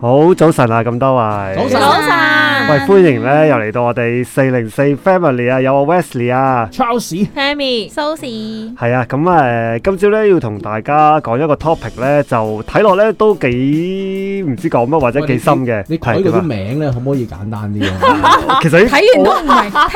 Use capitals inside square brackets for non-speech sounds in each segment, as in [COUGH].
好，早晨啊，咁多位。早晨，早晨。喂，歡迎咧，又嚟到我哋四零四 Family 啊，有阿 Wesley 啊 Sushi，Family，Sushi 係啊，咁誒，今朝咧要同大家講一個 topic 咧，就睇落咧都幾唔知講乜或者幾深嘅。你睇到啲名咧可唔可以簡單啲啊？其實睇完都唔係好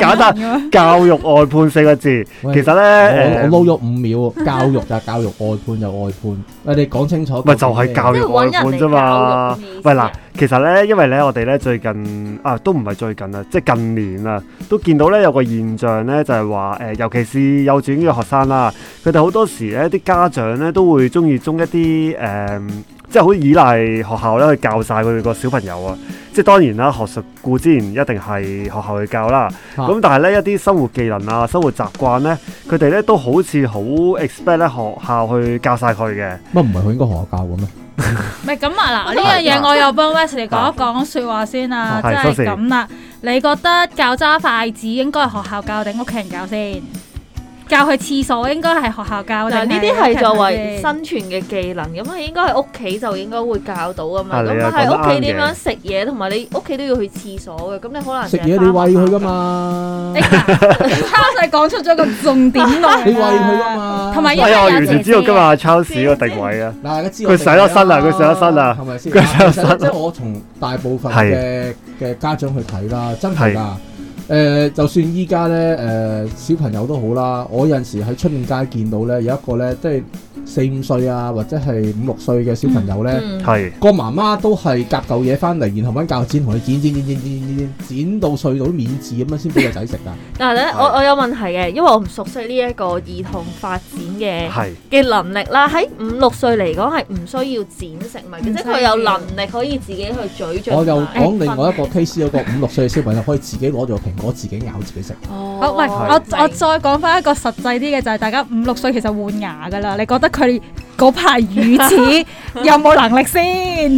簡單。教育外判四個字，其實咧我我撈咗五秒，教育就係教育，外判就外判，喂，你講清楚。喂，就係教育外判啫嘛。喂嗱。其實咧，因為咧，我哋咧最近啊，都唔係最近啦，即係近年啦，啊，都見到咧有個現象咧，就係話誒，尤其是幼稚園嘅學生啦，啊，佢哋好多時咧，啲家長咧都會中意中一啲誒、嗯，即係好依賴學校咧去教晒佢哋個小朋友啊。即係當然啦，學術固然唔一定係學校去教啦，咁、啊、但係咧一啲生活技能啊，生活習慣咧，佢哋咧都好似好 expect 咧學校去教晒佢嘅。乜唔係佢應該學校教嘅咩？唔係咁啊嗱，呢 [LAUGHS] 樣嘢我又幫 Wesley 講一講說話先啦。即係咁啦。你覺得教揸筷子應該係學校教定屋企人教先？教去廁所應該係學校教，但係呢啲係作為生存嘅技能，咁佢應該喺屋企就應該會教到㗎嘛。咁佢喺屋企點樣食嘢，同埋你屋企都要去廁所嘅，咁你可能食嘢你餵佢㗎嘛？差細講出咗個重點咯。你餵佢㗎嘛？同埋因為我完全知道今日係超市個定位啊。嗱，大家知我佢洗咗身啦，佢洗咗身啦，佢洗咗身啦。即係我從大部分嘅嘅家長去睇啦，真係㗎。誒、呃，就算依家咧，誒、呃、小朋友都好啦。我有陣時喺出面街見到咧，有一個咧，即係。四五歲啊，或者係五六歲嘅小朋友呢，個媽媽都係夾嚿嘢翻嚟，然後揾教剪同佢剪剪剪剪剪剪，剪到碎到啲面紙咁樣先俾個仔食㗎。但係咧，我我有問題嘅，因為我唔熟悉呢一個兒童發展嘅嘅能力啦。喺五六歲嚟講係唔需要剪食物，即係佢有能力可以自己去咀嚼。我又講另外一個 case，有個五六歲嘅小朋友可以自己攞住個蘋果，自己咬自己食。哦，唔係，我我再講翻一個實際啲嘅，就係大家五六歲其實換牙㗎啦。你覺得佢？佢嗰排如此，有冇能力先？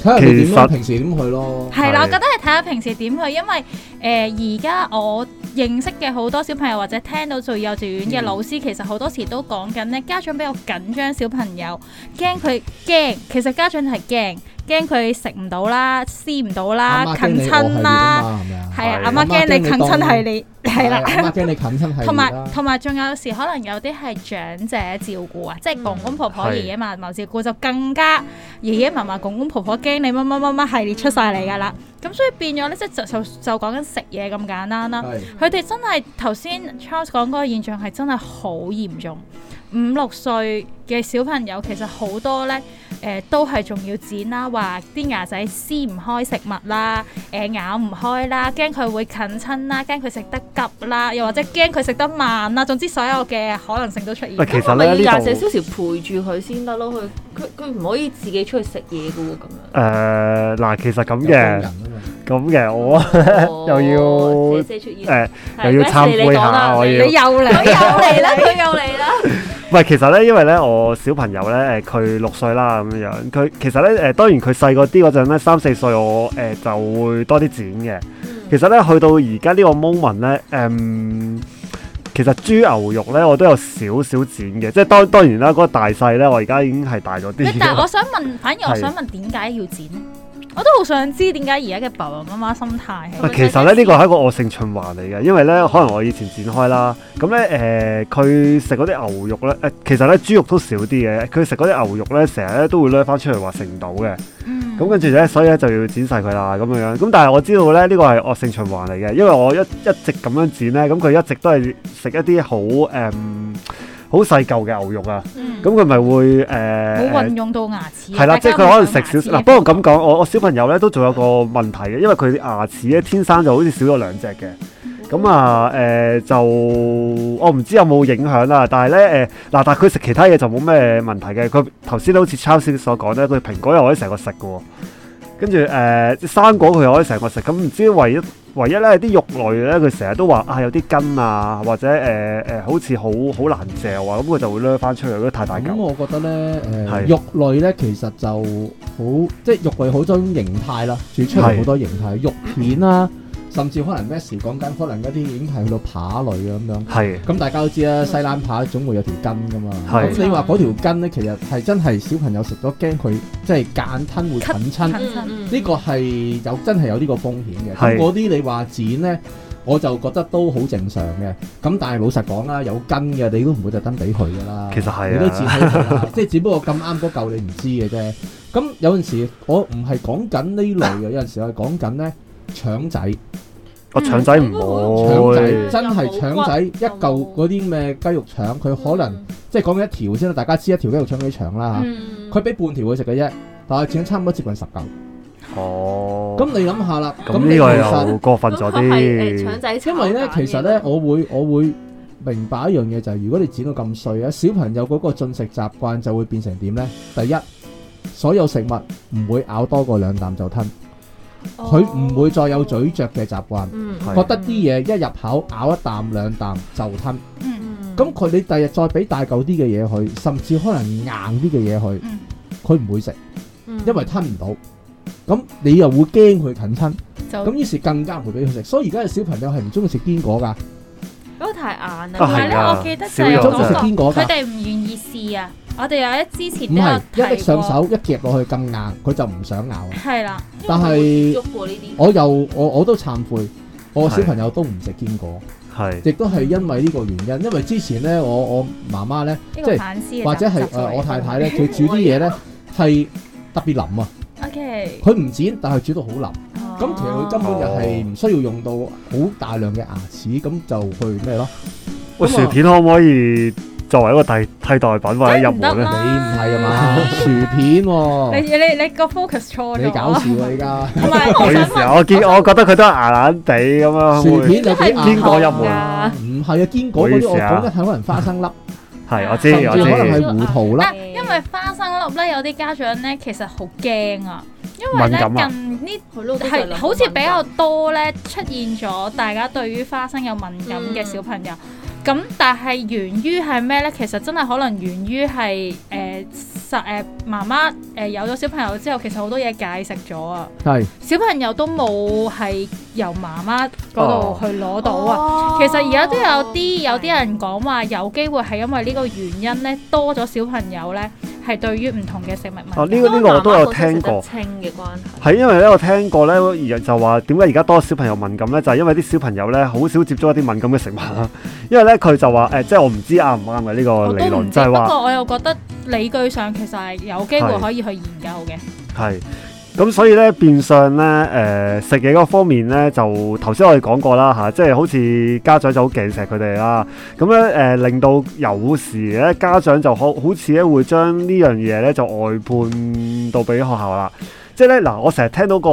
睇下你點咯，平時點去咯。係啦， [MUSIC] 我覺得你睇下平時點去，因為誒而家我認識嘅好多小朋友或者聽到做幼稚園嘅老師，其實好多時都講緊咧，家長比較緊張，小朋友驚佢驚，其實家長係驚。驚佢食唔到啦，撕唔到啦，啃親啦，係啊！阿媽驚你啃親係你，係啦。阿媽驚你啃親係你啦。同埋同埋，仲有時可能有啲係長者照顧啊，即係公公婆婆、爺爺嫲嫲照顧就更加。爺爺嫲嫲、公公婆婆驚你乜乜乜乜係列出晒嚟㗎啦。咁所以變咗咧，即係就就就講緊食嘢咁簡單啦。佢哋真係頭先 Charles 講嗰個現象係真係好嚴重。五六歲嘅小朋友其實好多咧。誒、呃、都係仲要剪啦，話啲牙仔撕唔開食物啦，誒、呃、咬唔開啦，驚佢會啃親啦，驚佢食得急啦，又或者驚佢食得慢啦，總之所有嘅可能性都出現咗。咁我咪要有少少時陪住佢先得咯，佢佢佢唔可以自己出去食嘢㗎喎咁樣。誒嗱，其實咁嘅，咁嘅、啊啊、我、哦、 [LAUGHS] 又要誒、呃、又要參觀下，你你我要又嚟，佢又嚟啦，佢又嚟啦。 [LAUGHS] 唔係，其實咧，因為咧，我小朋友咧，誒，佢六歲啦，咁樣，佢其實咧，誒、呃，當然佢細個啲嗰陣咧，三四歲我，我、呃、誒就會多啲剪嘅。嗯、其實咧，去到而家呢個 moment 咧，誒、嗯，其實豬牛肉咧，我都有少少剪嘅。即係當當然啦，嗰、那個大細咧，我而家已經係大咗啲。但係我想問，反而我想問，點解要剪？我都好想知點解而家嘅爸爸媽媽心態？啊，其實咧，呢個係一個惡性循環嚟嘅，因為咧、嗯、可能我以前剪開啦，咁咧誒，佢食嗰啲牛肉咧誒、呃，其實咧豬肉都少啲嘅。佢食嗰啲牛肉咧，成日咧都會攞翻出嚟話食唔到嘅。咁、嗯、跟住咧，所以咧就要剪晒佢啦咁樣樣。咁但係我知道咧，呢個係惡性循環嚟嘅，因為我一一直咁樣剪咧，咁佢一直都係食一啲好誒。嗯嗯，好細嚿嘅牛肉啊，咁佢咪會誒，冇運用到牙齒。係啦，即係佢可能食少少。嗱，不過咁講，我我小朋友咧都仲有個問題嘅，因為佢牙齒咧天生就好似少咗兩隻嘅。咁啊誒就我唔知有冇影響啦。但係咧誒嗱，但係佢食其他嘢就冇咩問題嘅。佢頭先都好似抄少所講咧，佢蘋果又可以成個食嘅喎。跟住誒，啲生、呃、果佢可以成個食，咁唔知唯一唯一咧啲肉類咧，佢成日都話啊有啲筋啊，或者誒誒、呃、好似好好難嚼啊，咁、嗯、佢就會擸翻出嚟，因為太大嚿。咁、嗯、我覺得咧誒、呃、是肉類咧其實就好，即係肉類好多種形態啦，煮出嚟好多形態，是肉片啊。甚至可能 Messi 講緊，可能嗰啲已經係去到扒類嘅咁樣。係。咁大家都知道啦，西冷扒總會有條筋㗎嘛。係。咁你話嗰條筋咧，其實係真係小朋友食咗驚佢即係間吞會。啃親。啃親。呢個係有真係有呢個風險嘅。係。咁嗰啲你話剪咧，我就覺得都好正常嘅。咁但係老實講啦，有筋嘅你都唔會特登俾佢㗎啦。其實係。你都剪佢。即係只不過咁啱嗰嚿你唔知嘅啫。咁有陣時我唔係講緊呢類嘅，有陣時我係講緊咧。腸仔，我腸仔唔好，仔，真係腸仔一嚿嗰啲咩雞肉腸，佢、嗯、可能即係講緊一條先啦，大家知一條雞肉腸幾長啦，佢俾半條佢食嘅啫，但係剪咗差唔多接近十嚿。哦，咁你諗下啦，咁呢、嗯、個又過分咗啲，腸仔，因為咧其實咧我會我會明白一樣嘢就係、是，如果你剪到咁碎咧，小朋友嗰個進食習慣就會變成點呢？第一，所有食物唔會咬多過兩啖就吞。佢唔會再有嘴咀嚼嘅習慣，嗯嗯、覺得啲嘢，一入口咬一啖兩啖就吞。咁佢你第日再俾大嚿啲嘅嘢佢，甚至可能硬啲嘅嘢佢，佢唔、嗯、會食，嗯、因為吞唔到。咁你又會驚佢啃親，咁於點是更加唔會俾佢食。所以而家嘅小朋友係唔中意食堅果噶，嗰個太硬啦。但係咧，啊啊我記得細個中意食堅果，佢哋唔願意試啊。我哋有一之前唔係，一搦上手一夾落去咁硬，佢就唔想咬。係啦，但係我又我我都懺悔，我小朋友都唔食堅果，係亦都係因為呢個原因。因為之前咧，我我媽媽咧，即係或者係誒我太太咧，佢煮啲嘢咧係特別腍啊。OK，佢唔煎，但係煮到好腍。咁其實佢根本就係唔需要用到好大量嘅牙齒，咁就去咩咯？喂，薯片可唔可以？作為一個替替代品或者入門，你唔係啊嘛？薯片你你你個 focus 錯，你搞事你噶，同埋我想問我見我覺得佢都牙癢地咁樣。薯片就堅果入門？唔係啊，堅果嗰啲我覺得係可能花生粒。係，我知我知，可能係胡桃啦。因為花生粒咧，有啲家長咧其實好驚啊，因為咧近呢係好似比較多咧出現咗大家對於花生有敏感嘅小朋友。咁但係源於係咩呢？其實真係可能源於係誒實誒媽媽誒有咗小朋友之後，其實好多嘢解釋咗啊。係是小朋友都冇係由媽媽嗰度去攞到啊。Oh. Oh. 其實而家都有啲、oh. 有啲人講話有機會係因為呢個原因呢，多咗小朋友呢。係對於唔同嘅食物啊呢、呢個呢、呢個我都有聽過清嘅關係係因為咧，我聽過咧就話點解而家多小朋友敏感咧就係、是、因為啲小朋友咧好少接觸一啲敏感嘅食物啦， [LAUGHS] [LAUGHS] 因為咧佢就話誒，即、欸、係、就是、我唔知啱唔啱嘅呢個理論，即係話。不過我又覺得理據上其實係有機會可以去研究嘅。係。咁所以咧，變相咧，誒、呃、食嘢嗰方面咧，就頭先我哋講過啦，嚇、啊，即係好似家長就好勁錫佢哋啦，咁咧誒令到有時咧，家長就好好似咧會將呢樣嘢咧就外判到俾學校啦。即係咧嗱，我成日聽到個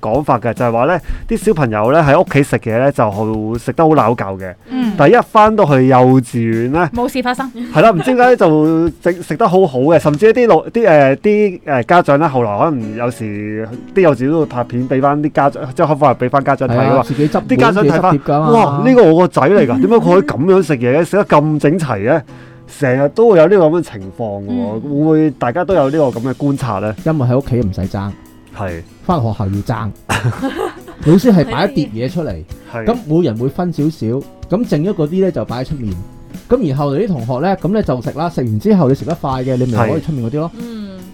講法嘅，就係話咧，啲小朋友咧喺屋企食嘢咧，就會食得好撈攪嘅。嗯。但一翻到去幼稚園咧，冇事發生。係 [LAUGHS] 啦，唔知點解就食得好好嘅，甚至一啲老啲誒啲誒家長咧，後來可能有時啲幼稚園都會拍片俾翻啲家長，即係翻嚟俾翻家長睇、啊、自己執啲家長睇翻。啊、哇！呢個我個仔嚟㗎，點解佢可以咁樣食嘢嘅？食得咁整齊嘅？成日都會有呢個咁嘅情況喎，嗯、會唔會大家都有呢個咁嘅觀察咧？因為喺屋企唔使爭。係翻是學校要爭， [LAUGHS] 老師係擺一碟嘢出嚟，咁的每人會分少少，咁剩咗嗰啲呢，就擺喺出面，咁然後啲同學呢，咁咧就食啦。食完之後你食得快嘅，你咪可以出面嗰啲咯。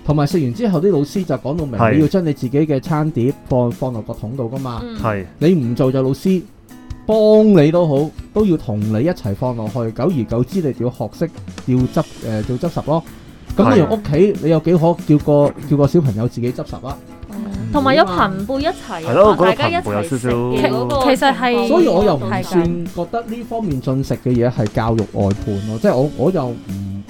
同埋食完之後啲老師就講到明，你要將你自己嘅餐碟放放落個桶度㗎嘛。的你唔做就老師幫你都好，都要同你一齊放落去。久而久之，你就要學識要執誒做、呃、執拾咯。咁你由屋企，你有幾可叫個的叫個小朋友自己執拾啊？同埋有朋輩一齊，嗯、大家一齊食嘅，嗯、其實係，所以我又唔算覺得呢方面進食嘅嘢係教育外判咯，即係我我就。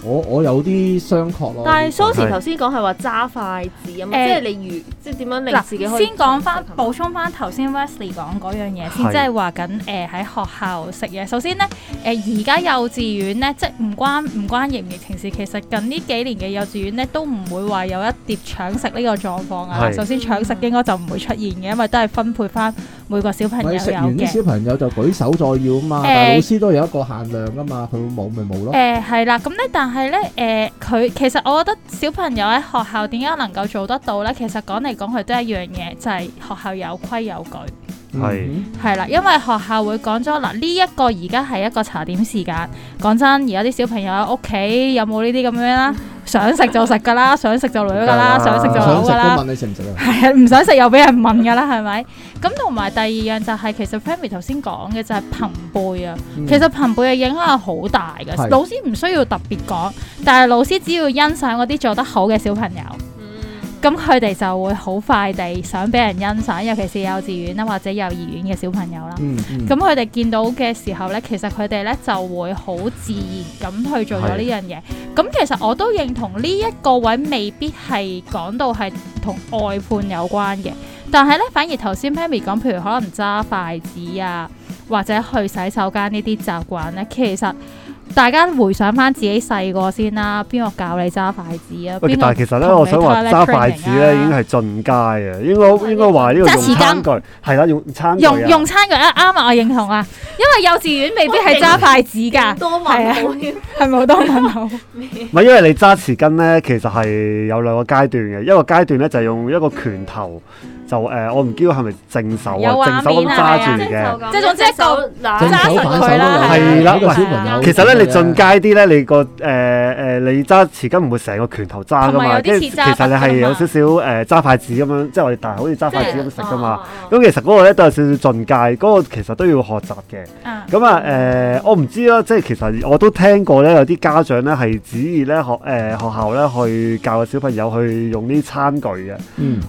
我我有啲相確咯，但係 s u 頭先講係話揸筷子啊嘛，即係例如即點樣令自己可以先講翻補充翻頭先，Wesley 講嗰樣嘢先，即係話緊誒喺學校食嘢。首先呢，誒而家幼稚園呢，即係唔關唔關疫情事，其實近呢幾年嘅幼稚園呢，都唔會話有一碟搶食呢個狀況啊。首先搶食應該就唔會出現嘅，因為都係分配翻每個小朋友嘅。啲小朋友就舉手再要啊嘛，但老師都有一個限量噶嘛，佢冇咪冇咯。誒係啦，咁咧但係。係咧，誒，佢、呃、其實我覺得小朋友喺學校點解能夠做得到呢？其實講嚟講去都係一樣嘢，就係、是、學校有規有矩。係係啦，因為學校會講咗嗱，呢一個而家係一個茶點時間。講真，而家啲小朋友喺屋企有冇呢啲咁樣啦？Mm hmm. 想食就食㗎啦，想食就女㗎啦，想食就攞㗎啦。係啊，唔 [LAUGHS] 想食又俾人問㗎啦，係咪？ [LAUGHS] 咁同埋第二樣就係其實 Family 頭先講嘅就係朋輩啊，其實朋輩嘅影響係好大嘅。是老師唔需要特別講，但係老師只要欣賞嗰啲做得好嘅小朋友。咁佢哋就會好快地想俾人欣賞，尤其是幼稚園啦，或者幼兒園嘅小朋友啦。咁佢哋見到嘅時候呢，其實佢哋呢就會好自然咁去做咗呢樣嘢。咁是其實我都認同呢一個位未必係講到係同外判有關嘅，但係呢，反而頭先 Pammy 講，譬如可能揸筷子啊或者去洗手間呢啲習慣呢，其實。大家回想翻自己細個先啦，邊個教你揸筷子啊？不但係其實咧，我想話揸筷子咧已經係進階嘅，應該應該話呢個用餐具係啦，用餐具用用餐具啊，啱 [LAUGHS] 啊，我認同啊， [LAUGHS] 因為幼稚園未必係揸筷子噶，係塞啊，係咪好多問號？唔係，因為你揸匙羹咧，其實係有兩個階段嘅，一個階段咧就係用一個拳頭。 [LAUGHS] 就誒、呃，我唔知佢係咪正手啊，啊，正,正,正手咁揸住嘅，即係總之一個攬實佢啦，係啦、啊。啊啊、其實咧，你進階啲咧，你個誒誒、呃，你揸匙羹唔會成個拳頭揸噶嘛，跟、啊、其實你係有少少誒揸筷子咁樣，即係我哋大好似揸筷子咁食噶嘛。咁、啊啊啊、其實嗰個咧都有少少進階，嗰、那個其實都要學習嘅。咁啊誒、啊呃，我唔知啦，即係其實我都聽過咧，有啲家長咧係旨意咧學誒學、呃、學校咧去教個小朋友去用啲餐具嘅。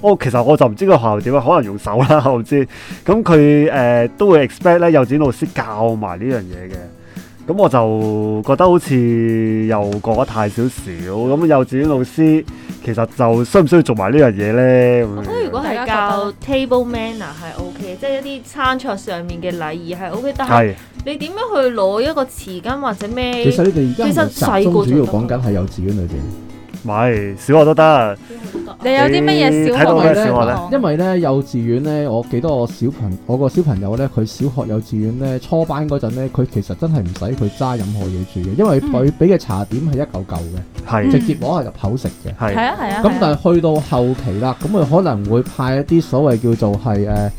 我、嗯、其實我就唔知個。點解可能用手啦，我唔知咁，佢誒都會 expect 咧，幼稚園老師教埋呢樣嘢嘅。咁我就覺得好似又過得太少少。咁幼稚園老師其實就需唔需要做埋呢樣嘢咧？我覺得如果係教 table manners 係 OK，即係一啲餐桌上面嘅禮儀係 OK，但係你點樣去攞一個匙羹或者咩是？其實你哋而家其實細個主要講緊係幼稚園裏邊，係小學都得。 [LAUGHS] 你有啲乜嘢小學咧？因為咧幼稚園咧，我記得我小朋我個小朋友咧，佢小學幼稚園咧初班嗰陣咧，佢其實真係唔使佢揸任何嘢住嘅，因為佢俾嘅茶點係一嚿嚿嘅，嗯、直接攞嚟入口食嘅。係啊係啊。咁但係去到後期啦，咁佢可能會派一啲所謂叫做係誒、呃、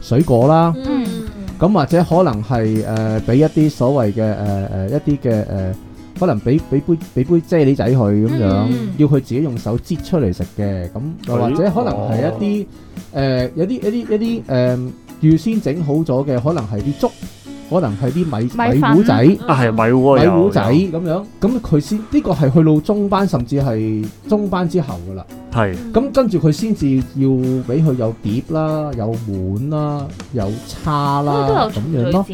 水果啦，咁、嗯、或者可能係誒俾一啲所謂嘅誒誒一啲嘅誒。呃可能俾俾杯俾杯啫喱仔去咁樣，嗯、要佢自己用手擠出嚟食嘅，咁又對或者可能係一啲誒、哦呃、有啲一啲一啲誒預先整好咗嘅，可能係啲粥。可能係啲米米糊仔啊，係米糊仔咁樣，咁佢先呢個係去到中班甚至係中班之後噶啦，係。咁跟住佢先至要俾佢有碟啦，有碗啦，有叉啦，咁樣咯。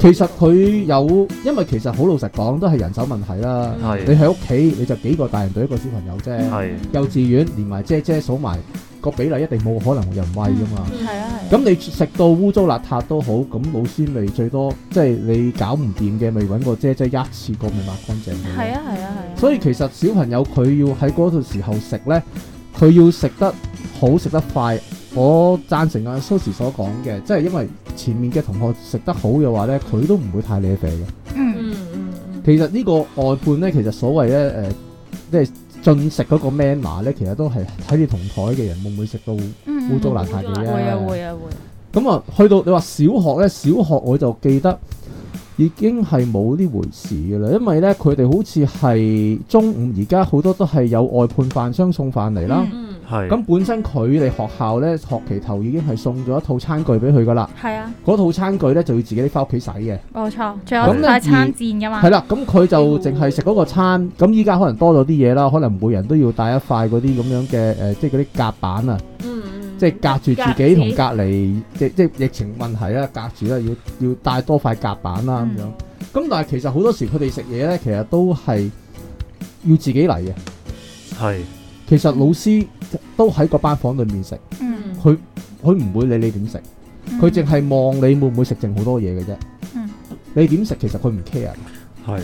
其實佢有，因為其實好老實講，都係人手問題啦。係你喺屋企，你就幾個大人對一個小朋友啫。係幼稚園連埋姐姐數埋個比例，一定冇可能有人餵噶嘛。咁你食到污糟邋遢都好，咁老師咪最多即係你搞唔掂嘅，咪揾個姐姐一次過咪抹乾淨。係啊係啊係。啊，所以其實小朋友佢要喺嗰陣時候食呢，佢要食得好食得快。我贊成阿蘇時所講嘅，即係因為前面嘅同學食得好嘅話呢，佢都唔會太惹肥。嘅、嗯。嗯嗯，其實呢個外判呢，其實所謂呢，誒、呃，即係。進食嗰個 menu 咧，其實都係睇你同枱嘅人會唔會食到污糟邋遢嘢咧？會啊會啊會。咁啊，去到你話小學咧，小學我就記得已經係冇呢回事嘅啦，因為咧佢哋好似係中午而家好多都係有外判飯商送飯嚟啦。嗯係咁本身佢哋學校咧，學期頭已經係送咗一套餐具俾佢噶啦，係是啊，嗰套餐具咧就要自己翻屋企洗嘅，冇錯，仲有帶餐墊噶嘛，係啦、啊，咁佢就淨係食嗰個餐，咁依家可能多咗啲嘢啦，可能每人都要帶一塊嗰啲咁樣嘅誒、呃，即係嗰啲夾板啊，嗯，即係隔住自己同隔離，子即即係疫情問題啊，隔住啦，要要帶多塊夾板啦咁樣，咁、嗯、但係其實好多時佢哋食嘢咧，其實都係要自己嚟嘅，係是，其實老師。都喺個班房裏面食，佢佢唔會理你點食，佢淨係望你會唔會食剩好多嘢嘅啫。你點食其實佢唔 care 嘅，係，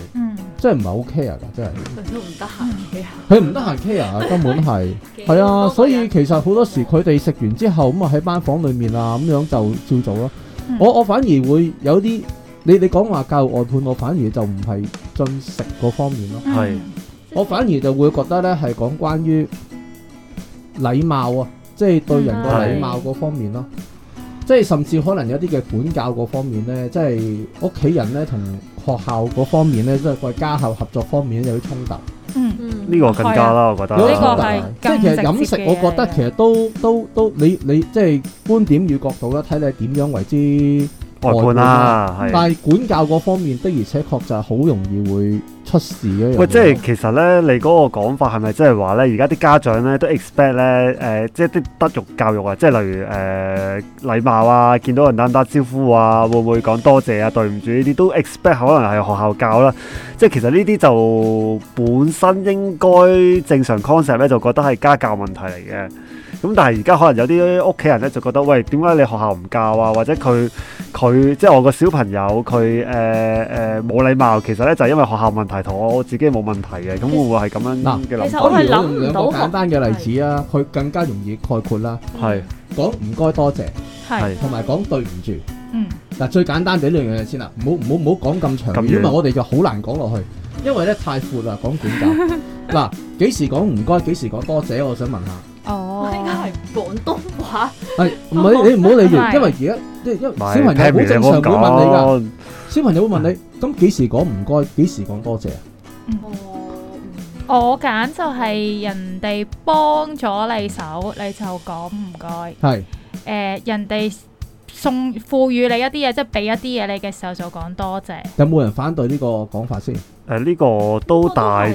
真係唔係好 care 嘅，真係。佢都唔得閒 care。佢唔得閒 care，根本係，係啊，所以其實好多時佢哋食完之後咁啊喺班房裏面啊咁樣就照做咯。我我反而會有啲你你講話教育外判，我反而就唔係進食嗰方面咯，係，我反而就會覺得咧係講關於。禮貌啊，即係對人個禮貌嗰方面咯，嗯、即係甚至可能有啲嘅管教嗰方面咧，即係屋企人咧同學校嗰方面咧，即係個家校合作方面有啲衝突。嗯，呢個更加啦，啊、我覺得。有呢個係，即係其實飲食，我覺得其實都都都，都，你你即係觀點與角度啦，睇你係點樣為之外判啦。但係管教嗰方面是的而且確就係好容易會，出事咧，啊！喂，即係其實咧，你嗰個講法係咪即係話咧，而家啲家長咧都 expect 咧，誒、呃，即係啲德育教育啊，即係例如誒禮貌啊，見到人打唔打招呼啊，會唔會講多謝啊，對唔住呢啲，都 expect 可能係學校教啦。即係其實呢啲就本身應該正常 concept 咧，就覺得係家教問題嚟嘅。咁但係而家可能有啲屋企人咧就覺得，喂，點解你學校唔教啊？或者佢佢即係我個小朋友佢誒誒冇禮貌，其實咧就係因為學校問題，同我自己冇問題嘅。咁會唔會係咁樣嘅諗？嗱，其實我係諗到兩個簡單嘅例子啊，佢學是更加容易概括啦。係講唔該多謝，係同埋講對唔住。是嗯，嗱最簡單嘅兩樣嘢先啦，唔好唔好唔好講咁長，如果唔係我哋就好難講落去，因為咧太闊啦講管教。嗱幾 [LAUGHS] 時講唔該幾時講多謝,謝,謝,謝，我想問下。哦，應該係廣東話。係唔係？你唔好理佢，因為而家即係因小朋友好正常會問你㗎。小朋友會問你：咁幾時講唔該？幾時講多謝？我我揀就係人哋幫咗你手，你就講唔該。係誒，人哋送賦予你一啲嘢，即係俾一啲嘢你嘅時候，就講多謝。有冇人反對呢個講法先？誒，呢個都大。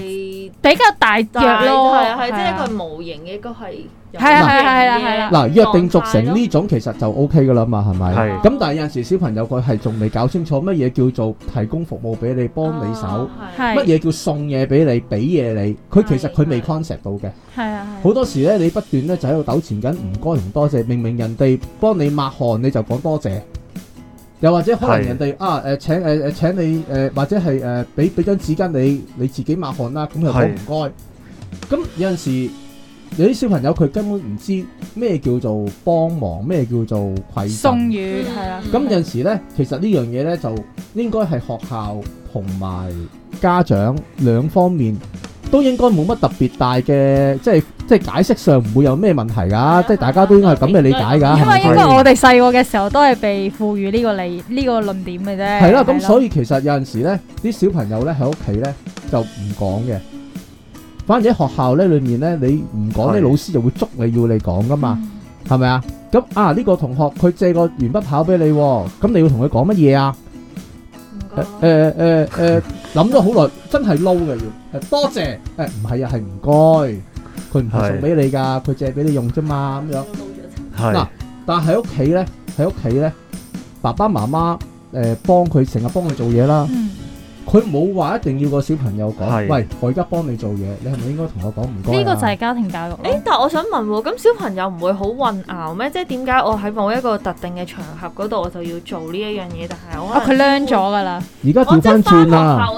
比較大約咯，係係即係一個模型嘅一個係，係係係啦，嗱約定俗成呢種其實就 OK 噶啦嘛，係咪？係。咁但係有陣時小朋友佢係仲未搞清楚乜嘢叫做提供服務俾你、幫你手，乜嘢叫送嘢俾你、俾嘢你，佢其實佢未 concept 到嘅。係啊係。好多時咧你不斷咧就喺度糾纏緊，唔該唔多謝，明明人哋幫你抹汗，你就講多謝。又或者可能人哋是的 啊誒、呃、請誒誒、呃、請你誒、呃，或者係誒俾俾張紙巾你你自己抹汗啦。咁又都唔該。咁是的 有陣時有啲小朋友佢根本唔知咩叫做幫忙，咩叫做攜送與係啦。咁有陣時咧，其實呢樣嘢咧就應該係學校同埋家長兩方面都應該冇乜特別大嘅，即係。即係解釋上唔會有咩問題噶，即係大家都應該係咁嘅理解噶。係咪？因為應該我哋細個嘅時候都係被賦予呢個理呢個論點嘅啫。係啦，咁所以其實有陣時咧，啲小朋友咧喺屋企咧就唔講嘅，反而喺學校咧裏面咧，你唔講，啲老師就會捉你要你講噶嘛，係咪啊？咁啊呢個同學佢借個鉛筆跑俾你，咁你要同佢講乜嘢啊？誒誒誒誒，諗咗好耐，真係撈嘅要誒，多謝誒，唔係啊，係唔該。佢唔係送俾你㗎，佢借俾你用啫嘛，咁樣。係。嗱，但係喺屋企咧，喺屋企咧，爸爸媽媽誒幫佢成日幫佢做嘢啦。嗯。佢冇話一定要個小朋友講，喂，我而家幫你做嘢，你係咪應該同我講唔該啦？呢個就係家庭教育啦。誒，但係我想問喎，咁小朋友唔會好混淆咩？即係點解我喺某一個特定嘅場合嗰度我就要做呢一樣嘢，但係我啊，佢 learn 咗㗎啦。而家調翻轉啦！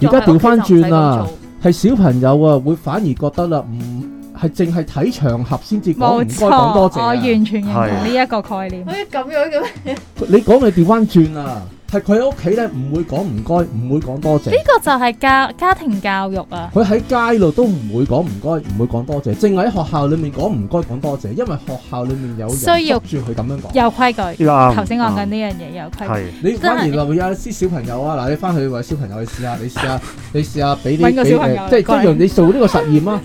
而家調翻轉啦！係小朋友啊，會反而覺得啦，唔～係淨係睇場合先至講唔該講多謝啊！我完全認同呢一個概念。可以咁樣嘅咩？你講嘅調翻轉啊！係佢喺屋企咧，唔會講唔該，唔會講多謝。呢個就係教家庭教育啊！佢喺街度都唔會講唔該，唔會講多謝，淨係喺學校裡面講唔該講多謝，因為學校裡面有人督住佢咁樣講，有規矩。頭先講緊呢樣嘢有規矩。你反而留意下啲小朋友啊！嗱，你翻去話小朋友，你試下，你試下，你試下俾啲小朋友，即係一樣，你做呢個實驗啊！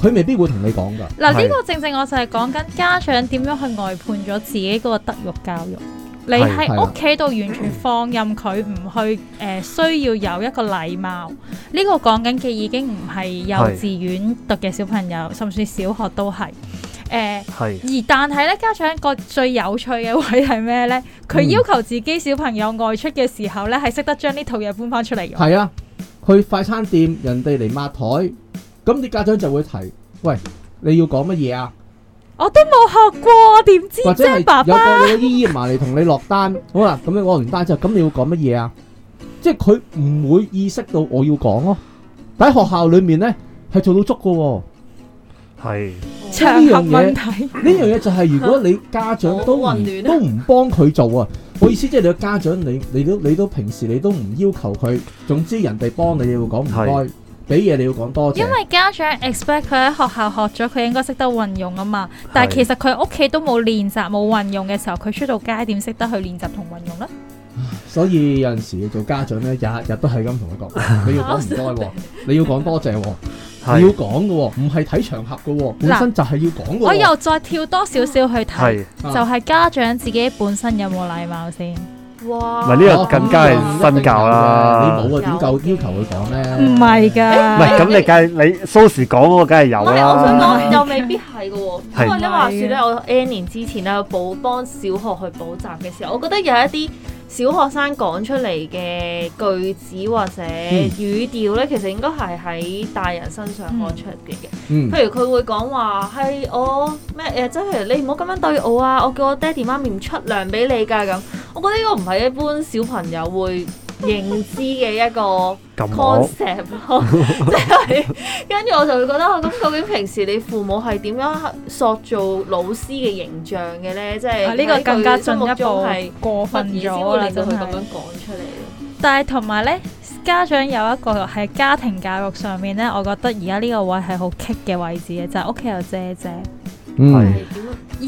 佢未必會同你講㗎。嗱，呢個正正我就係講緊家長點樣去外判咗自己嗰個德育教育。你喺屋企度完全放任佢唔去，誒需要有一個禮貌。呢個講緊嘅已經唔係幼稚園讀嘅小朋友，的甚至小學都係誒。係。的而但係咧，家長一個最有趣嘅位係咩咧？佢要求自己小朋友外出嘅時候咧，係識得將呢套嘢搬翻出嚟嘅。係啊，去快餐店，人哋嚟抹台。咁啲家長就會提，喂，你要講乜嘢啊？我都冇學過，點知啫，爸爸？或者係有你嘅姨姨埋嚟同你落單，爸爸 [LAUGHS] 好啦，咁你落完單之後，咁你要講乜嘢啊？即係佢唔會意識到我要講咯、啊。但喺學校裏面咧，係做到足嘅喎、啊。呢樣嘢呢樣嘢就係如果你家長都 [LAUGHS] 都唔幫佢做啊，我意思即係、就是、你個家長你你，你都你都平時你都唔要求佢，總之人哋幫你，你會講唔該。俾嘢你要講多謝，因為家長 expect 佢喺學校學咗，佢應該識得運用啊嘛。是但係其實佢屋企都冇練習冇運用嘅時候，佢出到街點識得去練習同運用呢？所以有陣時做家長呢，日日都係咁同佢講， [LAUGHS] 你要講唔該喎， [LAUGHS] 你要講多謝喎， [LAUGHS] 你要講嘅喎，唔係睇場合嘅喎，本身就係要講。嘆我又再跳多少少去睇， [LAUGHS] 是就係家長自己本身有冇禮貌先。哇！咪呢個更加係瞓覺啦！嗯、你冇啊，點夠的要求佢講咧？唔係噶，唔係咁你梗係、欸、你蘇時講我，梗係有啦。我想講，又未必係噶。的因為咧，話說咧，我 N 年之前咧補幫小學去補習嘅時候，我覺得有一啲。小學生講出嚟嘅句子或者語調呢，其實應該係喺大人身上學出嚟嘅。嗯、譬如佢會講話係我咩誒，即係譬如你唔好咁樣對我啊，我叫我爹哋媽咪唔出糧俾你㗎咁。我覺得呢個唔係一般小朋友會。認知嘅一個 concept 咯摩，即係跟住我就會覺得，咁 [LAUGHS] 究竟平時你父母係點樣塑造老師嘅形象嘅呢？即係呢個更加進一步係過分咗啦、就是，啊這個、就會咁樣講出嚟。啊這個就是、但係同埋呢，家長有一個喺家庭教育上面呢，我覺得而家呢個位係好棘嘅位置嘅，就係屋企有姐姐。嗯、而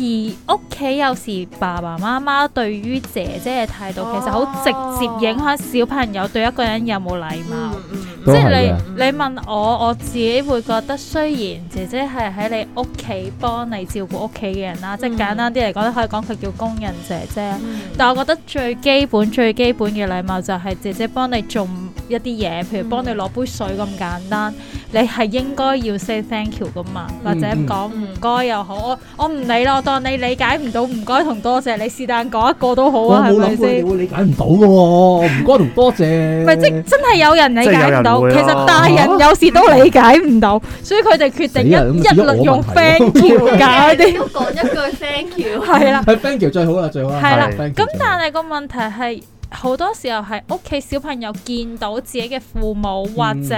屋企有時爸爸媽媽對於姐姐嘅態度，其實好直接影響小朋友對一個人有冇禮貌。嗯嗯嗯、即係你、嗯、你問我，我自己會覺得雖然姐姐係喺你屋企幫你照顧屋企嘅人啦，嗯、即係簡單啲嚟講都可以講佢叫工人姐姐。嗯、但我覺得最基本最基本嘅禮貌就係姐姐幫你做一啲嘢，譬如幫你攞杯水咁簡單，你係應該要 say thank you 噶嘛，或者講唔該又好，我我唔理啦，我當你理解唔到唔該同多謝你是但講一個都好啊，係咪先？你會理解唔到嘅喎，唔該同多謝。咪即係真係有人理解唔到，其實大人有時都理解唔到，所以佢哋決定一一律用 thank you 解決。一定要講一句 thank you，係啦。係 thank you 最好啦，最好啦。係啦。咁但係個問題係。好多時候係屋企小朋友見到自己嘅父母或者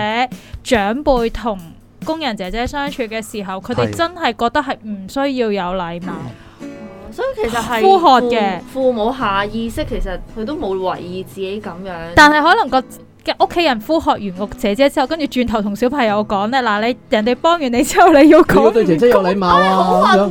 長輩同工人姐姐相處嘅時候，佢哋真係覺得係唔需要有禮貌，所以其實係呼喝嘅父母下意識其實佢都冇懷疑自己咁樣，但係可能個。嗯屋企人呼喝完屋姐姐之後，轉跟住轉頭同小朋友講咧，嗱你人哋幫完你之後，你要講對姐姐有禮貌啊，咁樣、啊。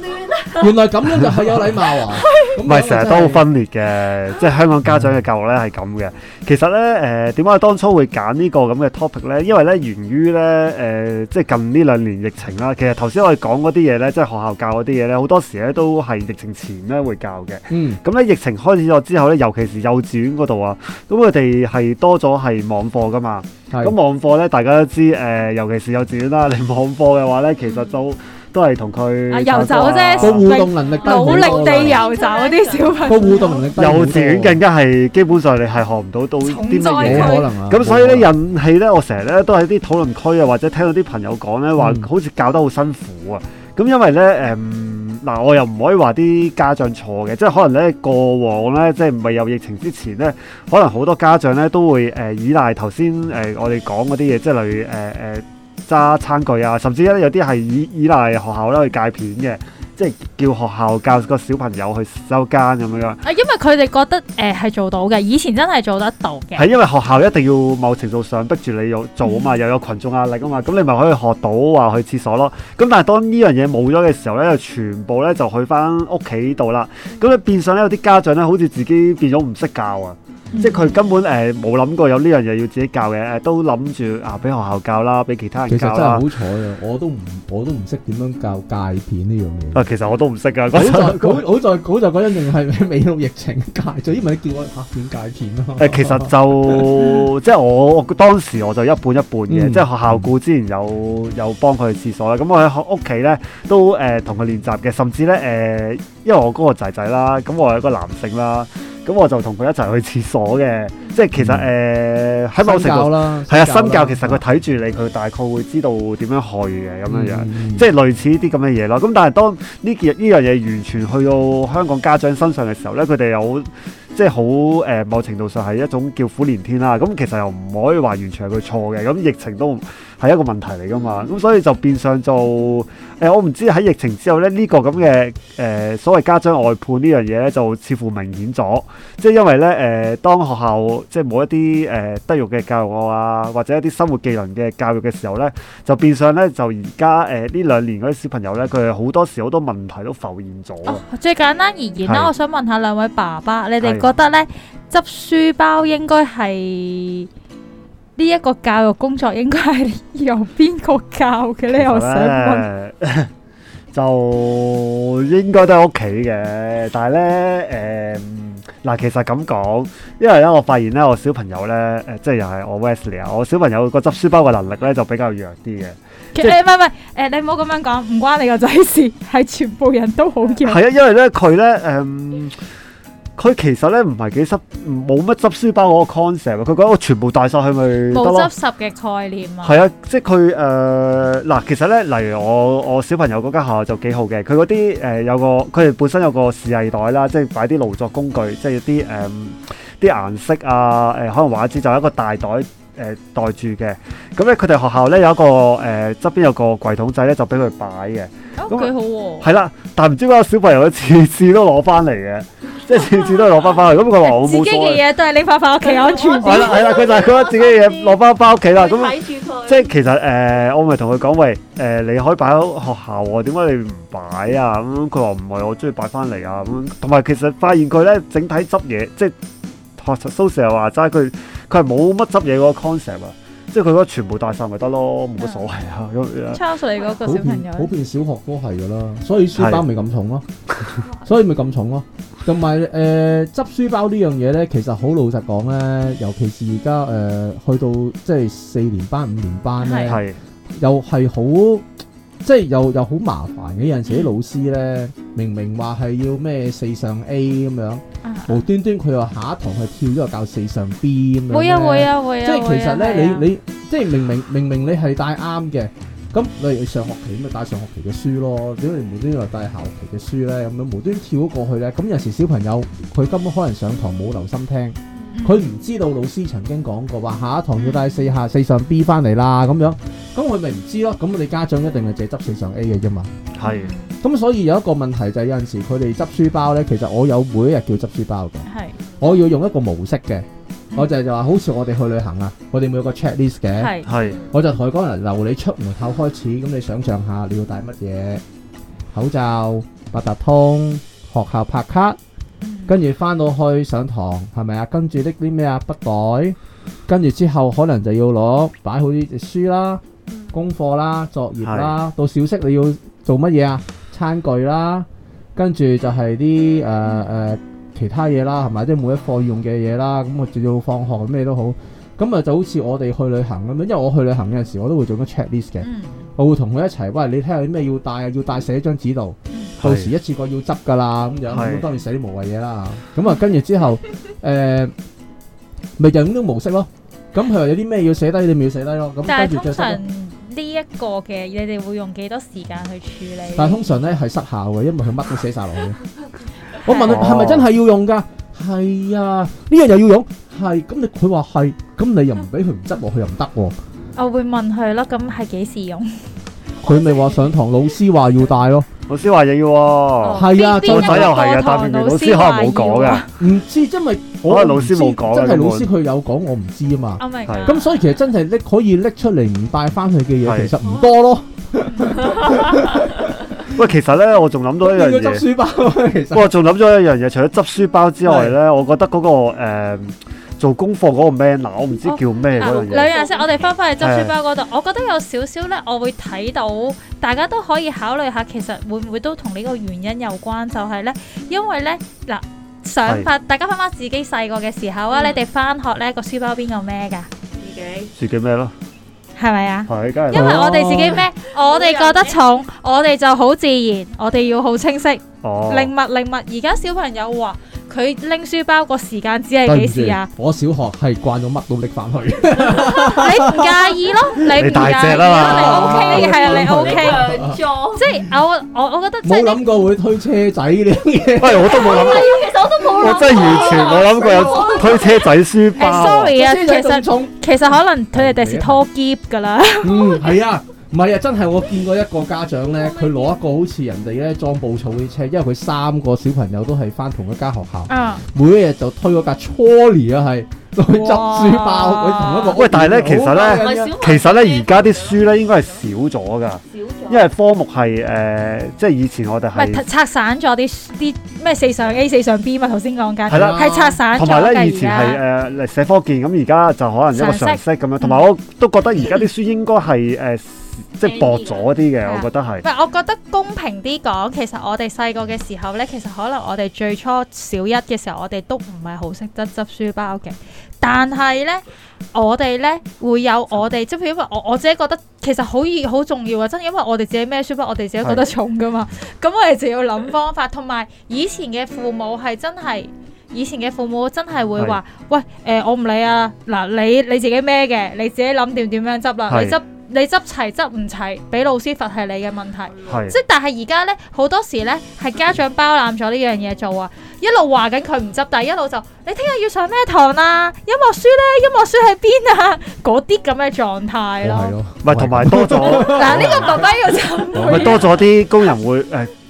[LAUGHS] 原來咁樣就係有禮貌啊？唔係成日都好分裂嘅， [LAUGHS] 即係香港家長嘅教育咧係咁嘅。其實咧，誒點解我當初會揀呢個咁嘅 topic 咧？因為咧，源於咧，誒、呃、即係近呢兩年疫情啦。其實頭先我哋講嗰啲嘢咧，即係學校教嗰啲嘢咧，好多時咧都係疫情前咧會教嘅。嗯呢。咁咧疫情開始咗之後咧，尤其是幼稚園嗰度啊，咁佢哋係多咗係網課噶嘛，咁網課咧，大家都知，誒、呃，尤其是幼稚園啦，你網課嘅話咧，其實就都係同佢游走啫，互動能力努力地游走啲小朋友，互、啊嗯、動能力幼稚園更加係基本上你係學唔到到啲乜嘢可能啊，咁所以咧、嗯、引起咧，我成日咧都喺啲討論區啊，或者聽到啲朋友講咧，話好似教得好辛苦啊，咁因為咧，誒、嗯。嗱，我又唔可以話啲家長錯嘅，即係可能咧過往咧，即係未有疫情之前咧，可能好多家長咧都會誒、呃、依賴頭先誒我哋講嗰啲嘢，即係例如誒誒揸餐具啊，甚至一有啲係依依賴學校咧去戒片嘅。即係叫學校教個小朋友去收間咁樣咯。啊，因為佢哋覺得誒係、呃、做到嘅，以前真係做得到嘅。係因為學校一定要某程度上逼住你要做啊嘛，又有，有群眾壓力啊嘛，咁你咪可以學到話去廁所咯。咁但係當呢樣嘢冇咗嘅時候咧，就全部咧就去翻屋企度啦。咁你變相咧有啲家長咧，好似自己變咗唔識教啊。即係佢根本誒冇諗過有呢樣嘢要自己教嘅，都諗住啊俾學校教啦，俾其他人教。其實真係好彩啊！我都唔我都唔識點樣教戒片呢樣嘢。啊，其實我都唔識噶。嗰陣好在好在陣仲係未有疫情咗？因為咪叫我拍片戒片咯。誒，其實就即係我當時我就一半一半嘅，即係學校顧之前有有幫佢去廁所啦。咁我喺屋企咧都誒同佢練習嘅，甚至咧誒，因為我嗰個仔仔啦，咁我係一個男性啦。咁我就同佢一齊去廁所嘅，即係其實誒，喺、嗯呃、某程度係啊，身教其實佢睇住你，佢、啊、大概會知道點樣去嘅咁樣樣，嗯、即係類似呢啲咁嘅嘢咯。咁但係當呢件呢樣嘢完全去到香港家長身上嘅時候咧，佢哋有即係好誒，某程度上係一種叫苦連天啦。咁其實又唔可以話完全係佢錯嘅，咁疫情都。係一個問題嚟噶嘛，咁所以就變相就誒、呃，我唔知喺疫情之後咧呢、這個咁嘅誒所謂家長外判呢樣嘢咧，就似乎明顯咗，即係因為咧誒、呃，當學校即係冇一啲誒德育嘅教育啊，或者一啲生活技能嘅教育嘅時候咧，就變相咧就而家誒呢兩年嗰啲小朋友咧，佢係好多時好多問題都浮現咗、哦。最簡單而言啦，是我想問下兩位爸爸，是你哋覺得咧執書包應該係？呢一個教育工作應該係由邊個教嘅咧？我想問， [LAUGHS] [LAUGHS] 就應該都係屋企嘅。但係咧，誒，嗱，其實咁講，因為咧，我發現咧，我小朋友咧，誒，即係又係我 Wesley 啊，我小朋友個執書包嘅能力咧就比較弱啲嘅。其實唔係唔係，誒、就係，你唔好咁樣講，唔關你個仔事，係全部人都好弱。係啊，因為咧，佢咧，誒、嗯。佢其實咧唔係幾執，冇乜執書包嗰個 concept。佢覺得我全部帶晒去咪冇執拾嘅概念啊？係啊，即係佢誒嗱，其實咧，例如我我小朋友嗰間學校就幾好嘅，佢嗰啲誒有個佢哋本身有個視藝袋啦，即係擺啲勞作工具，即係啲誒啲顏色啊，誒、呃、可能話之就一個大袋。誒待住嘅，咁咧佢哋學校咧有一個誒側、呃、邊有個櫃桶仔咧，就俾佢擺嘅，咁幾、哦、那好喎、啊。係啦，但係唔知點解小朋友佢次次都攞翻嚟嘅， [LAUGHS] 即係次次都係攞翻翻嚟。咁佢話：我冇所謂。我自己嘅嘢都係拎翻翻屋企安全啲。係啦係啦，佢就係覺得自己嘅嘢攞翻翻屋企啦。咁睇住佢。即係其實誒、呃，我咪同佢講喂誒、呃，你可以擺喺學校喎，點解你唔擺啊？咁佢話，唔係我中意擺翻嚟啊咁。同、嗯、埋其實發現佢咧整體執嘢，即係學術蘇成話齋佢。佢係冇乜執嘢嗰個 concept 啊，即係佢嗰全部帶晒咪得咯，冇乜所謂啊。因為嚟嗰個小朋友普遍小學都係㗎啦，所以書包咪咁重咯、啊，的 [LAUGHS] 所以咪咁重咯、啊。同埋誒執書包呢樣嘢咧，其實好老實講咧，尤其是而家誒去到即係四年班五年班咧，的又係好。即係又又好麻煩嘅，有陣時啲老師咧，明明話係要咩四上 A 咁樣，啊、無端端佢又下一堂去跳咗個教四上 B 咁樣會、啊。會啊會啊會啊！會啊即係其實咧、啊啊，你你即係明明明明你係帶啱嘅，咁、嗯、你上學期咪帶上學期嘅書咯，點解無端端又帶下學期嘅書咧？咁樣無端跳咗過去咧，咁、嗯、有陣時小朋友佢根本可能上堂冇留心聽。佢唔知道老師曾經講過話下一堂要帶四下四上 B 翻嚟啦咁樣，咁佢咪唔知咯？咁我哋家長一定係淨係執四上 A 嘅啫嘛。係是。咁所以有一個問題就係有陣時佢哋執書包呢，其實我有每一日叫執書包嘅。是我要用一個模式嘅，嗯、我就係就話好似我哋去旅行啊，我哋每個 check list 嘅。係是。我就同佢講，人由你出門口開始，咁你想象下你要帶乜嘢口罩、八達通、學校拍卡。跟住翻到去上堂係咪啊？跟住拎啲咩啊？筆袋，跟住之後可能就要攞擺好啲書啦、功課啦、作業啦。的到小息你要做乜嘢啊？餐具啦，跟住就係啲誒誒其他嘢啦，係咪？即係每一課用嘅嘢啦。咁我仲要放學咩都好，咁啊就好似我哋去旅行咁樣，因為我去旅行嗰陣時我都會做個 checklist 嘅，我會同佢一齊，喂，你睇下啲咩要帶啊，要帶寫張紙度。到時一次過要執噶啦，咁樣咁當然寫啲無謂嘢啦。咁啊跟住之後，誒，咪就係咁種模式咯。咁佢話有啲咩要寫低，你咪要寫低咯。咁但係通常呢一個嘅，你哋會用幾多時間去處理？但係通常咧係失效嘅，因為佢乜都寫晒落去。我問佢係咪真係要用噶？係啊，呢樣又要用，係咁你佢話係，咁你又唔俾佢唔執落去又唔得。我會問佢咯，咁係幾時用？佢咪話上堂老師話要帶咯。老師話要喎，係啊，做仔又係啊，但係明明老師可能冇講嘅，唔知因為可能老師冇講，真係老師佢有講我唔知啊嘛。係，咁所以其實真係拎可以拎出嚟唔帶翻去嘅嘢，其實唔多咯。喂，其實咧，我仲諗到一樣嘢，執書包。不過我仲諗咗一樣嘢，除咗執書包之外咧，我覺得嗰個誒做功課嗰個孭嗱，我唔知叫咩嗰樣。兩日先，我哋翻返去執書包嗰度，我覺得有少少咧，我會睇到大家都可以考慮下，其實會唔會都同呢個原因有關？就係咧，因為咧嗱，想法大家翻返自己細個嘅時候啊，你哋翻學咧個書包邊個孭噶？自己自己孭咯，係咪啊？係，因為我哋自己孭，我哋覺得重，我哋就好自然，我哋要好清晰。哦。靈物靈物，而家小朋友話。佢拎書包個時間只係幾時啊？我小學係慣咗乜都拎翻去。 [LAUGHS] 你唔介意咯？你唔介，你大隻咯，你 OK 嘅係、啊、你 OK，兩即係我我我覺得冇諗過會推車仔呢啲嘢。喂我都冇諗過。我真係完全我冇諗過有推車仔書包啊、哎、，sorry 啊，實啊，其實其實可能佢哋第時拖喼㗎啦。嗯，係啊。唔係啊！真係我見過一個家長咧，佢攞一個好似人哋咧裝布草嗰啲車，因為佢三個小朋友都係翻同一間學校，每一日就推嗰架 c o 啊，係去執書包。佢同一個喂，但係咧其實咧，其實咧而家啲書咧應該係少咗㗎，因為科目係誒，即係以前我哋係拆散咗啲啲咩四上 A 四上 B 嘛。頭先講緊係啦，係拆散同埋咧，以前係誒嚟社科健咁，而家就可能一個常識咁樣。同埋我都覺得而家啲書應該係誒。即係薄咗啲嘅，我覺得，係唔係？我覺得公平啲講，其實我哋細個嘅時候呢，其實可能我哋最初小一嘅時候，我哋都唔係好識得執書包嘅。但係呢，我哋呢會有我哋，即係因為我我自己覺得其實好易好重要啊。真係因為我哋自己孭書包，我哋自己覺得重噶嘛，咁是的 我哋就要諗方法。同埋以前嘅父母係真係以前嘅父母真係會話是的 喂、誒、呃，我唔理啊嗱，你你自己孭嘅，你自己諗掂點樣執啦，你執。是的 你你執齊執唔齊，俾老師罰係你嘅問題。是的 即係但係而家呢，好多時呢係家長包攬咗呢樣嘢做啊，一路話緊佢唔執，但係一路就你聽日要上咩堂啊？音樂書呢？音樂書喺邊啊？嗰啲咁嘅狀態咯 oh, yes, oh，咪同埋多咗嗱呢個覺得要，咪多咗啲工人會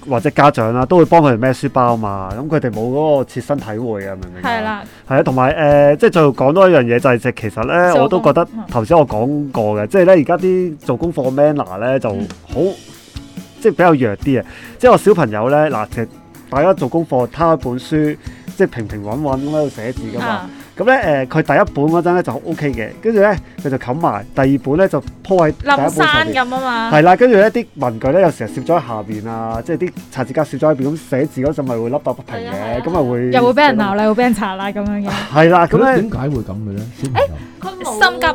或者家長啦，都會幫佢哋孭書包嘛，咁佢哋冇嗰個切身體會啊，明唔明？係啦，係啊，同埋誒，即係最後講多一樣嘢，就係其實咧，我都覺得頭先我講過嘅，即係咧而家啲做功課嘅 manner 咧就好，即係比較弱啲啊！即係我小朋友咧，嗱，其實大家做功課，攤一本書，即係平平穩穩噉喺度寫字噶嘛。咁咧誒，佢第一本嗰陣咧就 O K 嘅，跟住咧佢就冚埋，第二本咧就鋪喺第一本上面。係啦，跟住咧啲文具咧有時候攝咗喺下邊啊，即係啲擦字膠攝咗喺邊，咁寫字嗰陣咪會凹凸不平嘅，咁咪會又會俾人鬧啦，會俾人查啦咁樣嘅。係啦，咁點解會咁嘅咧？誒，佢心急，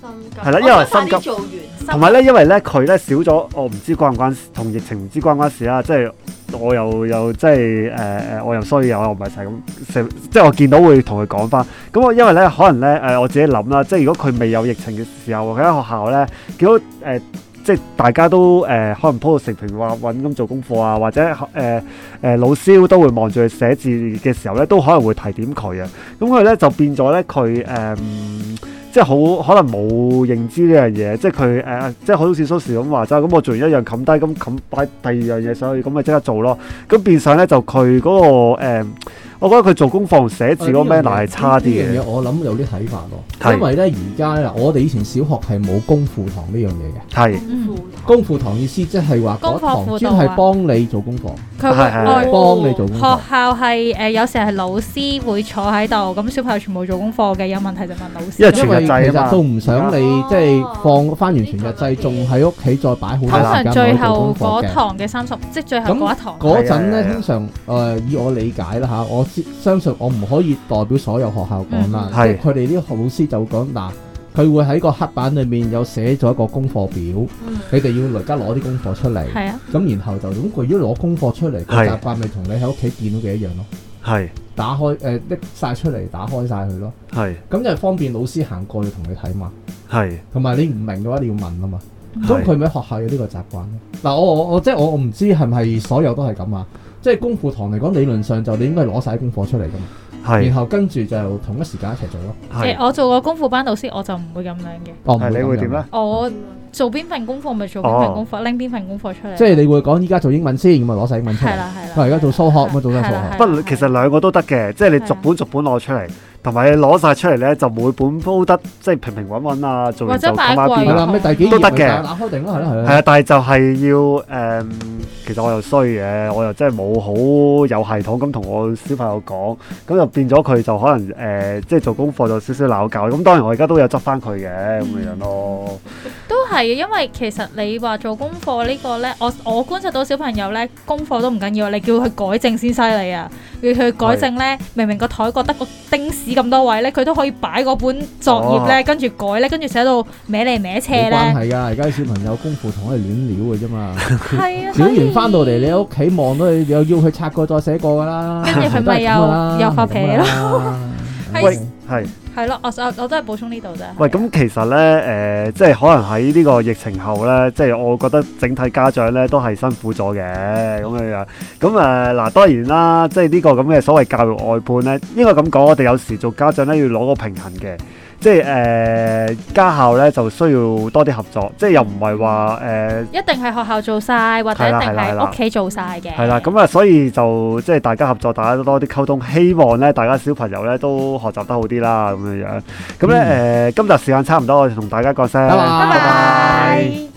心急啦，因為心急，快啲做完。同埋咧，因為咧佢咧少咗，我唔知關唔關同疫情唔知關唔關事啦，即係。我又又即係誒誒，我又所以有，我唔係成日咁成，即係我見到會同佢講返。咁我因為咧，可能咧誒，我自己諗啦，即係如果佢未有疫情嘅時候，佢喺學校咧，幾多誒，即係大家都誒，可能鋪到食平話穩咁做功課啊，或者誒誒、呃、老師都會望住佢寫字嘅時候咧，都可能會提點佢啊。咁佢咧就變咗咧，佢、嗯、誒。即係好可能冇認知呢樣嘢，即係佢誒，即係好似 Sushi 咁話齋，咁我做完一樣冚低，咁冚擺第二樣嘢上去，咁咪即刻做咯，咁變相咧就佢嗰個誒。我覺得佢做功課寫字嗰咩乃係差啲嘅。呢樣嘢我諗有啲睇法囉，因為咧而家咧，我哋以前小學係冇功課堂呢樣嘢嘅。係。功課堂意思即係話嗰堂專係幫你做功課。佢係幫你做功課。學校係誒有時係老師會坐喺度，咁小朋友全部做功課嘅，有問題就問老師。因為全日制啊嘛。都唔想你即係放翻完全日制，仲喺屋企再擺好多。通常最後嗰堂嘅三十，即係最後嗰一堂。咁嗰陣咧，通常誒以我理解啦嚇，我。相信我唔可以代表所有學校講啦，佢哋啲老師就講嗱，佢會喺個黑板裏面有寫咗一個功課表，你哋要而家攞啲功課出嚟，咁然後就咁。如果攞功課出嚟個習慣，咪同你喺屋企見到嘅一樣咯。係，打開誒，拎晒出嚟，打開晒佢咯。係，咁就方便老師行過去同你睇嘛。係，同埋你唔明嘅話，你要問啊嘛。咁佢咪學校有呢個習慣咯。嗱，我我我即係我我唔知係咪所有都係咁啊。即係功課堂嚟講，理論上就你應該攞晒功課出嚟噶嘛，是然後跟住就同一時間一齊做咯。即係是我做過功課班老師，我就唔會咁樣嘅。哦，唔你會點咧？我做邊份功課咪做邊份功課，拎邊、哦、份功課出嚟。即係你會講依家做英文先，咁咪攞晒英文出嚟。係啦係啦。而家做數學，咪做曬數學。不過，其實兩個都得嘅，即係你逐本逐本攞出嚟。的同埋攞晒出嚟咧，就每本煲得即係平平穩穩啊，做做啱啱啲啦，都得嘅。定咯、嗯，係咯啊，但係就係要誒，其實我又衰嘅，我又真係冇好有系統咁同我小朋友講，咁就變咗佢就可能誒、呃，即係做功課就少少鬧交。咁當然我而家都有執翻佢嘅咁嘅樣咯。嗯都係，因為其實你話做功課呢個咧，我我觀察到小朋友咧，功課都唔緊要，你叫佢改正先犀利啊！要佢改正咧，是的 明明個枱角得個丁屎咁多位咧，佢都可以擺嗰本作業咧、哦，跟住改咧，跟住寫到歪嚟歪斜咧。冇關係㗎，而家啲小朋友功課同係亂料嘅啫嘛。係啊， [LAUGHS] 潦完翻到嚟你屋企望到佢，又要佢拆過再寫過㗎啦。跟住佢咪又又發脾氣咯？係係。係咯，我我都係補充呢度啫。喂，咁其實咧，誒、呃，即係可能喺呢個疫情後咧，即係我覺得整體家長咧都係辛苦咗嘅咁嘅樣。咁誒，嗱、呃，當然啦，即係呢個咁嘅所謂教育外判咧，應該咁講，我哋有時做家長咧要攞個平衡嘅。即係誒、呃，家校咧就需要多啲合作，即係又唔係話誒，呃，一定係學校做晒，了或者一定係屋企做晒嘅。係啦，咁啊，所以就即係大家合作，大家都多啲溝通，希望咧大家小朋友咧都學習得好啲啦，咁樣樣。咁咧誒，今集時間差唔多，我哋同大家講聲，拜拜。